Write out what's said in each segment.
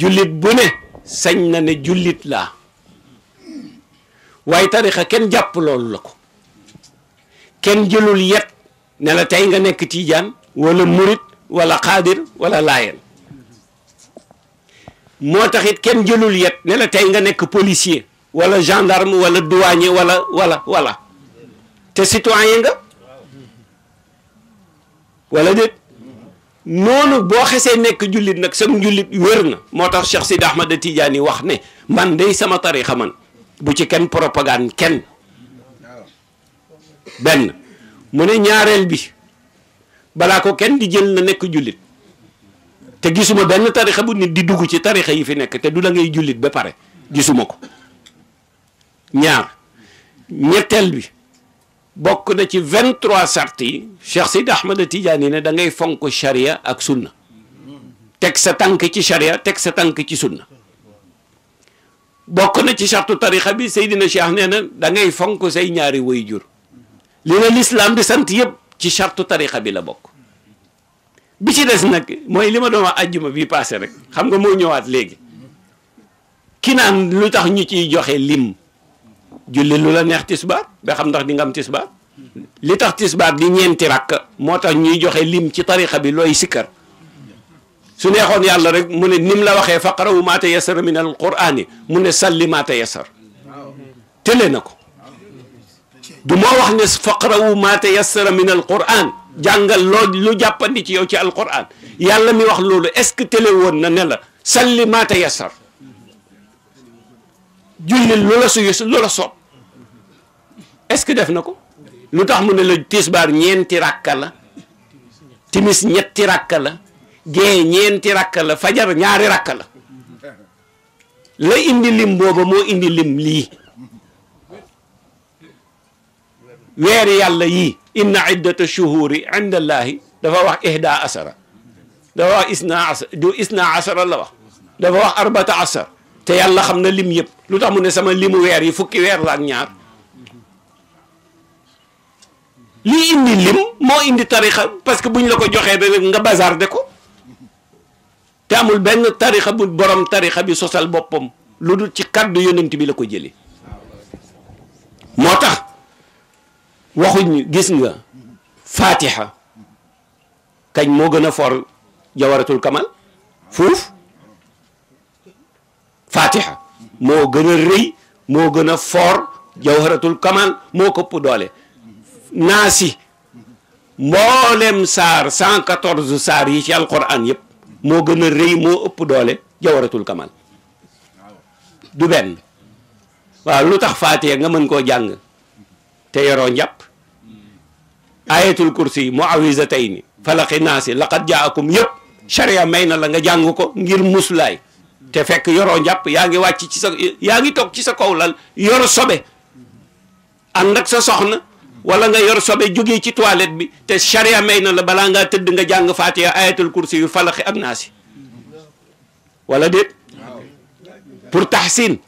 jullit bu ne sañ na ne jullit laa waaye tarixa kenn jàpp loolu la ko kenn jëlul yet ne la tey nga nekk tiijaan wala murit wala xaadir walla laayeen moo taxit kenn jëlul yet ne la tey nga nekk policier wala gendarme wala douanier wala wala te citoyen nga wala déet noonu boo xesee nekk jullit nag sam jullit wér na moo tax Cheikh Sidi tiijaan yi wax ne man day sama tarixa man bu ci kenn propagande kenn benn mu ne ñaareel bi balaa ko kenn di jël na nekk jullit te gisuma benn tarixa bu nit di dugg ci tarixa yi fi nekk te du la ngay jullit ba pare gisuma ko ñaar ñetteel bi bokk na ci vingt trois sart yi Cheikh Sidi Ahmed Tidiane ne da ngay fonk charia ak sunna teg sa tànk ci charia teg sa tànk ci sunna bokk na ci sartu tarixa bi Seydina Cheikh nee na da ngay fonk say ñaari wayjur li la lislaam di sant yëpp ci sartu tarixa bi la bokk bi ci des nag mooy li ma doon wax ajjuma bi passé rek xam nga moo ñëwaat léegi ki naan lu tax ñu ciy joxe lim julli lu la neex tisbaar ba xam ndax di nga am tisbaar li tax tisbaar di ñeenti rakk moo tax ñuy joxe lim ci tariqa bi looy sikkar su neexoon yàlla rek mu ne nim la waxee faqarawu maa tayassara min alqur'ani mu ne salli maa tayassar tële na ko du moo wax ne faqarawu maa tayassara min alqur'an jàngal loo lu jàppandi ci yow ci alqur'an yàlla mi wax loolu est ce que tële woon na ne la salli maa tayassar julli loola sa loola soob est-ce que def na ko lu tax mu ne la tisbaar ñeenti rakka la timis ñetti rakka la gee ñeenti rakka la fajar ñaari rakka la la indi lim booba moo indi lim lii weeri yàlla yi inna iddata shuhuri inda allahi dafa wax ihda asara dafa wax du isna asara la wax te yàlla xam na lim yëpp lu tax mu ne sama limu weer yi fukki weer la ak ñaar lii indi lim moo indi tarixa parce que bu ñu la ko joxee rek nga de ko te amul benn tarixa bu borom tarixa bi sosal boppam lu dul ci kàddu yonent bi la ko jële moo tax waxuñ gis nga fatiha kañ moo gën a for jawaratul kamal fuuf fatiha moo gën a rëy moo gën a foor jawharatul kamal moo këpp doole naasi mboolem saar 114 saar yi ci alquran yëpp moo gën a rëy moo ëpp doole jawharatul kamal du waaw lu tax fatiha nga mën koo jàng te yoroo njàpp ayatul kursi muawizatayni falaqi naasi laqad jaakum yëpp sharia may na la nga jàng ko ngir muslaay te fekk yoroo njàpp yaa ngi wàcc ci sa yaa ngi toog ci sa kaw lal yor sobe ànd ak sa soxna wala nga yor sobe jógee ci toilette bi te charia may na la balaa ngaa tëdd nga jàng faatiha ayatul kursi yu falaxi ak naasi wala déet pour taxsin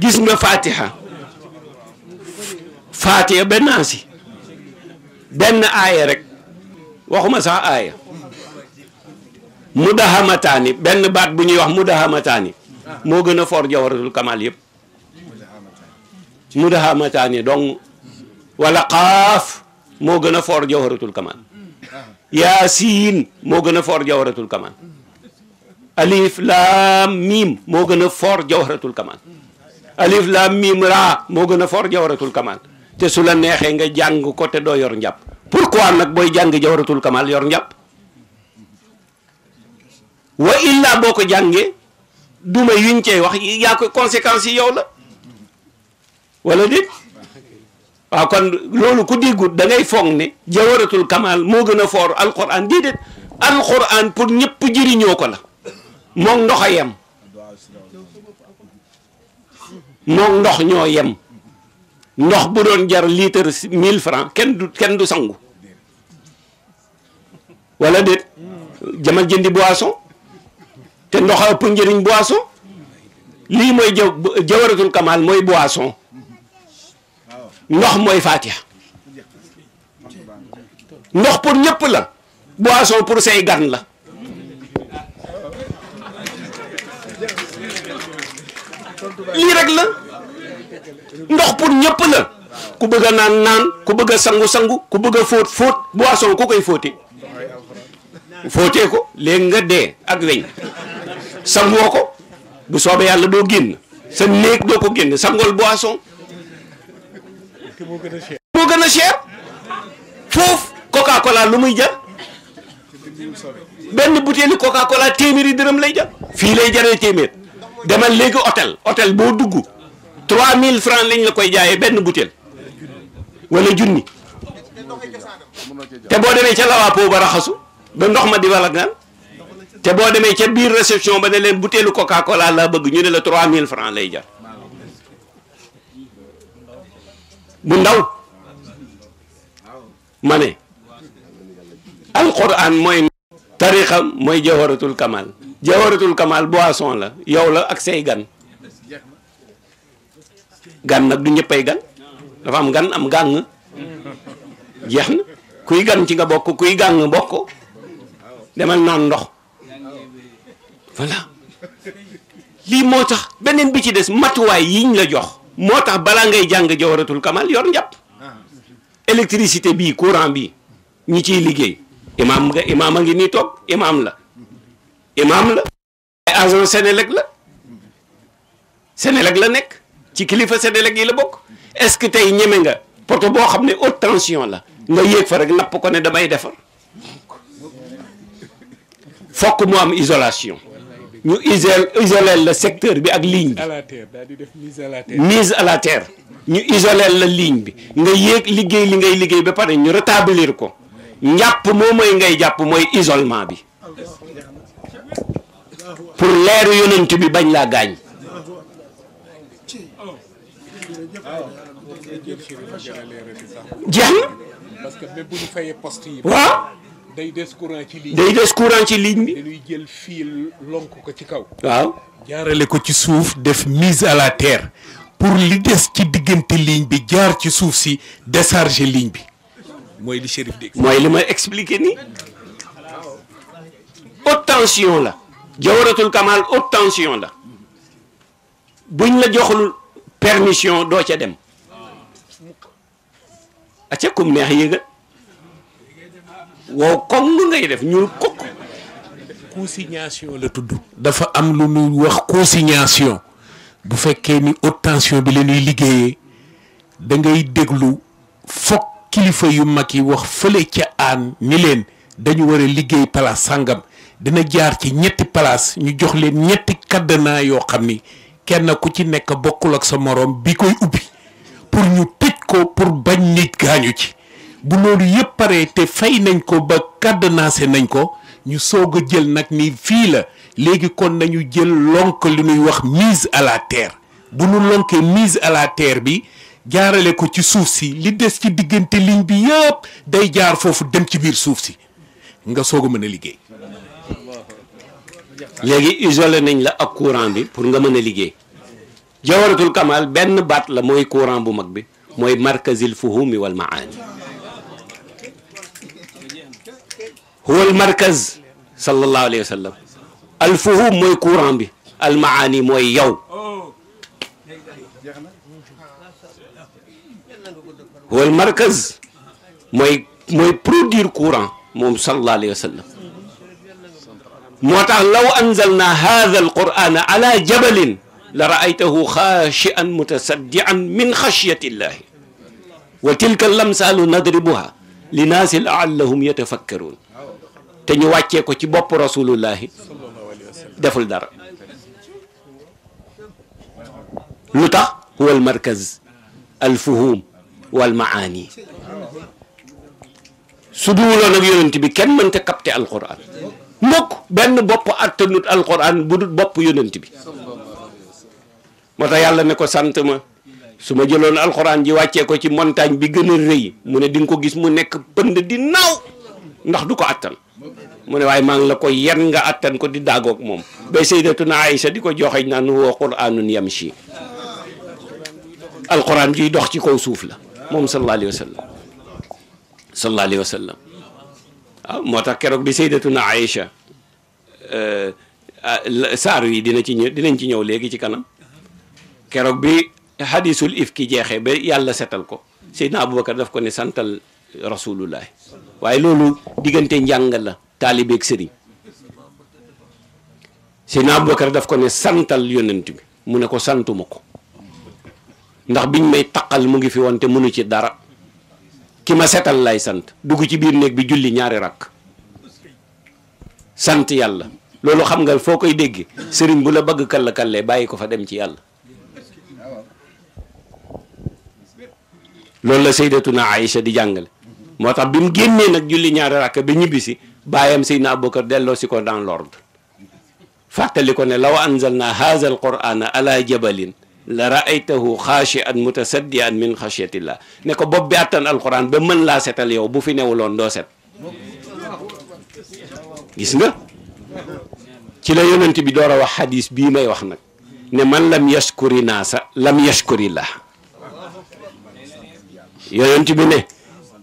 gis nga naasi benn aaya rek waxuma sax aaya mu benn baat bu ñuy wax mu dahamataani moo gën a foor jawaratul kamal yëpp mu dahamataani wala moo gën a for jawaratul kamal yaasiin moo gën a foor jawaratul kamal alif laam miim moo gën a foor jawaratul kamal alif laam miim raa moo gën a foor jawaratul kamal te su la neexee nga jàng ko te doo yor njàpp pourquoi nag booy jàng jawaratul kamal yor njàpp wa illa boo ko jàngee duma yuñ cey wax yaa ko conséquences yi yow la wala déet waaw kon loolu ku déggut da ngay foog ne jawaratul kamal moo gën a foor alquran déedéet alquran pour ñëpp jëriñoo ko la moom ndox a yem moom ndox ñoo yem ndox bu doon jar litre mille francs kenn du kenn du sangu wala déet jamal jëndi boisson te ndox ëpp njëriñ boisson lii mooy jaw jawaratul mooy boisson ndox mooy fatiha ndox pour ñëpp la boisson pour say gan la lii rek la ndox pour ñëpp la ku bëgg naan naan ku bëgga a sangu-sangu ku bëgg a fóot fóot boisson ku koy fóote fóotee ko léegi nga dee ak weñ sangoo ko bu soobee yàlla doo génn sa néeg doo ko génn sangool boisson moo gën a cher foofu coca cola lu muy jar benn butéeli coca cola téeméeri dërëm lay jar fii lay jaree téeméer demal léegi hôtel hôtel boo dugg mille francs lañ la koy jaayee benn butéel wala junni te boo demee ca lawaa po ba raxasu ba ndox ma di wala naan te boo demee ca biir réception ba ne leen butéelu coca cola laa bëgg ñu ne la 3000 francs lay jar bu ndaw ma ne alquran mooy tariqa mooy jawharatul kamal jawharatul kamal boisson la yow la ak say gan gan nag du ñëppay gan dafa am gan am gàng jeex na kuy gan ci nga bokk kuy gàng bokk demal naan ndox voilà lii moo tax beneen bi ci des matuwaay yiñ la jox moo tax balaa ngay jàng jawaratul kamal yor njàpp électricité bii courant bi ñi ciy liggéey imaam nga imaam a ngi ni toog imaam la imaam la ay agent la seneleg la nekk ci kilifa Senelec yi la bokk est-ce que tey ñeme nga poto boo xam ne haute tension la nga yéeg fa rek napp ko ne damay defar fokk mu am isolation ñu isolé la secteur bi ak ligne bi. di def mise à la terre. ñu isolé la ligne bi nga yéeg liggéey li ngay liggéey ba pare ñu rétablir ko njàpp moom mooy ngay jàpp mooy isolement bi pour leeru yonent bi bañ laa gaañ. jeex na. parce que même bu yi. day des courant ci ligne day des courant ci ligne bi. jël fil lonk ko ci kaw. waaw jaarale ko ci suuf def mise à la terre pour li des ci diggante ligne bi jaar ci suuf si décharger ligne bi. mooy li Chérif mooy li ma expliqué ni haute la. jawaratul kamal haute tension la buñ la joxul permission doo ca dem. acca kum neex yéegal wow kon lu ngay def ñuul kukk consignation la tudd dafa am lu ñuy wax consignation bu fekkee ni haute tension bi la ñuy liggéeyee da ngay déglu foog kilifa yu mag yi wax fële ca aan ni leen dañu war a liggéey place sàngam dina jaar ci ñetti place ñu jox leen ñetti cadenas yoo xam ni kenn ku ci nekk bokkul ak sa moroom bi koy ubbi pour ñu tëj ko pour bañ nit gaañu ci bu loolu yëpp pare te fay nañ ko ba cadenassé nañ ko ñu soog a jël nag ni fii la léegi kon nañu jël lonk li ñuy wax mise à la ter bu ñu lonkee mise à la terre bi jaarale ko ci suuf si li des ci diggante ligne bi yëpp day jaar foofu dem ci biir suuf si nga soog a mën a liggéey. léegi isolé nañ la ak courant bi pour nga mën a liggéey jawaratul kamal benn baat la mooy courant bu mag bi mooy markazil fuhumi wal maani huwa al markaz sallallahu alayhi wa sallam al fuhum mooy courant bi al maani mooy yow huwa al markaz mooy mooy produire courant moom sallallahu alayhi wa sallam moo tax law anzalna hada al qur'ana ala jabalin la raaytahu xaashian mutasaddian min xashyati llahi wa tilka al amsaalu nadribuha linnaasi laallahum yatafakkaruun te ñu wàccee ko ci bopp rasulullahi deful dara lu tax huwa al markaz al fuhum wal maani su duwuloon ak yonent bi kenn mënta capter alquran mukk benn bopp attanut alquran bu dul bopp yonent bi moo tax yàlla ne ko sant ma su ma jëloon alquran ji wàccee ko ci montagne bi gën a rëy mu ne di ko gis mu nekk pënd di naaw ndax du ko attan mu ne waaye maa ngi la ko yan nga attan ko di daagoog moom ba sayyidatuna Aïcha di ko joxeñ naan woo quraanun yamshi alquran juy dox ci kaw suuf la moom sallallahu alayhi wa sallam sallallahu ah, moo tax keroog bi seydatu sayyidatuna Aïcha euh, ah, saar wi dina ci ñëw dinañ ci ñëw léegi ci kanam keroog bi hadisul ifki jeexee ba yàlla setal ko sayyidna Abubakar daf ko ne santal rasulullahi waaye loolu diggante njàng la taalibeeg sëriñ Seydina kër daf ko ne santal yonent bi mu ne ko santuma ko ndax biñ may taqal mu ngi fi woon te mënu ci dara ki ma setal lay sant dugg ci biir néeg bi julli ñaari rakk sant yàlla loolu xam nga foo koy dégg sëriñ bu la bëgg kall kallee bàyyi ko fa dem ci yàlla loolu la seydatu saydatuna Aïcha di jàngale moo tax bi mu génnee nag julli ñaari rakk ba ñibbisi bàyyam Seydina Abubakar delloo si ko dans l'ordre fàttali ko ne law anzalna haza al qurana ala jabalin la raaytahu xaashian mutasaddian min xashiyatillah ne ko bopp bi attan alquran ba mën laa setal yow bu fi newuloon doo set gis nga ci la yonent bi door a wax xadis bii may wax nag ne man lam yashkuri naasa lam yashkuri llah yonent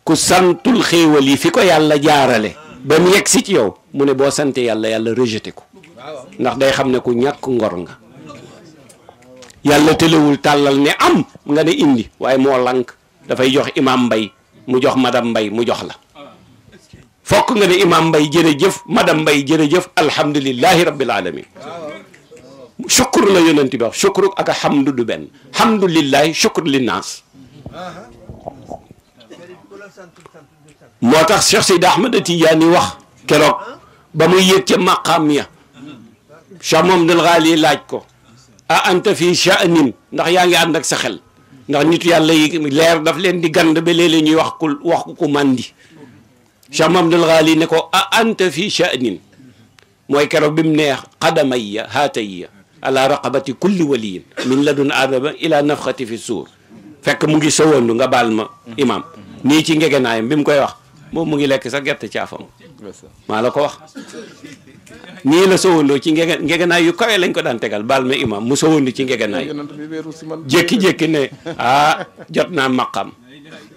ku santul xéewal yi fi ko yàlla jaarale ba mu yegg si ci yow mu ne boo sante yàlla yàlla rejeté ko ndax day xam ne ku ñàkk ngor nga yàlla tëlewul tàllal ne am nga ne indi waaye moo lank dafay jox imam mbay mu jox madame mbay mu jox la fokk nga ne imam mbay jërëjëf madame mbay jërëjëf alhamdulillahi rabbil alamin shukur la yonent bi wax shukur ak a hamdu du benn hamdulillahi shukur linnaas moo tax Cheikh Seydi Ahmed Tidiane wax keroog ba muy yëg ca maqaam ya Cheikh Mamadou Ghali laaj ko a anta fii ndax yaa ngi ànd ak sa xel ndax nitu yàlla leer daf leen di ganda ba léeg-léeg wax ku wax ku màndi Cheikh Mamadou Ghali ne ko a anta fii sha'nin mooy keroog bi mu neex qadamaya haatayya ala raqabati kulli waliyin min ladun adama ila nafxati fi suur fekk mu ngi sowandu nga baal ma imam nii ci ngegenaayam bi mu koy wax moom mu ngi lekk sa gerte caafam maa la ko wax nii la sowandoo ci ngege ngegenaay yu kawe lañ ko daan tegal baal ma imam mu sowandi ci ngegenaay jékki-jékki ne ah jot naa maqam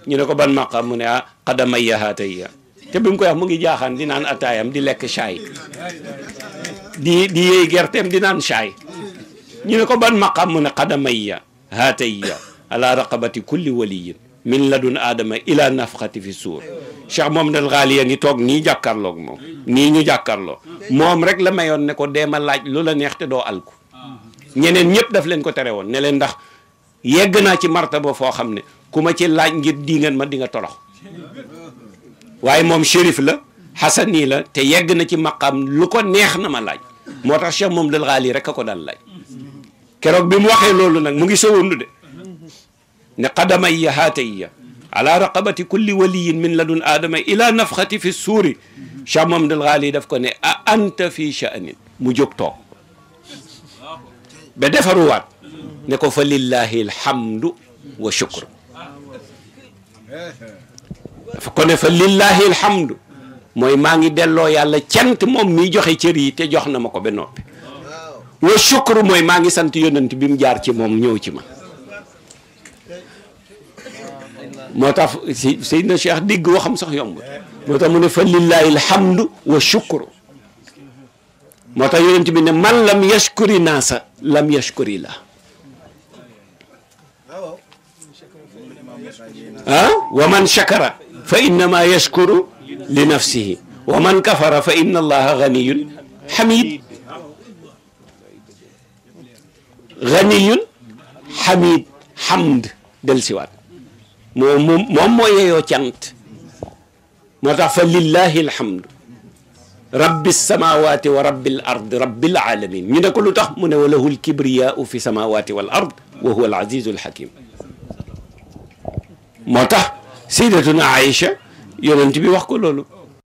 ñu ne ko ban maqam mu ne ah xadama yahaata ya te bi koy wax mu ngi jaaxaan di naan ataayam di lekk saay di di di naan saay ñu ne ko ban maqam mu ne xadama ya kulli waliyin min ladun aadama ila nafxati fi suur Cheikh Mohammadal Xaali a ngi toog nii jàkkaarloog moom nii ñu jàkkaarloo moom rek la mayoon ne ko deema laaj lu la neex te doo alku ñeneen ñëpp daf leen ko tere woon ne leen ndax yegg naa ci martaba foo xam ne ku ma ci laaj ngir di ngeen ma di nga waaye moom shérif la xasani la te yegg na ci maqam lu ko neex na ma laaj moo tax Cheikh Mohammadal Xaali rek a ko daan laaj keroog bi mu waxee loolu nag mu ngi sowandu de ne qadamayya haatayya ala raqabati kulli waliyin min ladun aadama ila nafxati fi suuri Cheikh Mamadou Ghali daf ko ne a anta fi sha'nin mu jóg toog ba defaruwaat ne ko fa lillahi alhamdu wa shukru dafa ko ne fa lillahi alhamdu mooy maa ngi delloo yàlla cant moom miy joxe cër yi te jox na ma ko ba noppi mooy maa ngi sant yonent bi mu jaar ci moom ñëw ci ma moo tax si Seydina Cheikh dégg waxam sax yomb moo tax mu ne fa lillahi alhamdu wa shukru moo tax yonent bi ne man lam yashkuri naasa lam yashkuri la ah wa man shakara fa innama yashkuru li nafsihi wa man kafara fa inna allaha ganiyun xamid ganiyun xamid xamd del siwaat moom moom moo yeyoo cant moo tax fa lillahi alhamdu rabbi samawati wa rabbil ard rabbil alamin ñu ne ko lu tax mu ne wa lahu alkibriyau fi samawati wal ard wa huwa al azizu al hakim moo tax sayyidatuna Aïcha yonent bi wax ko loolu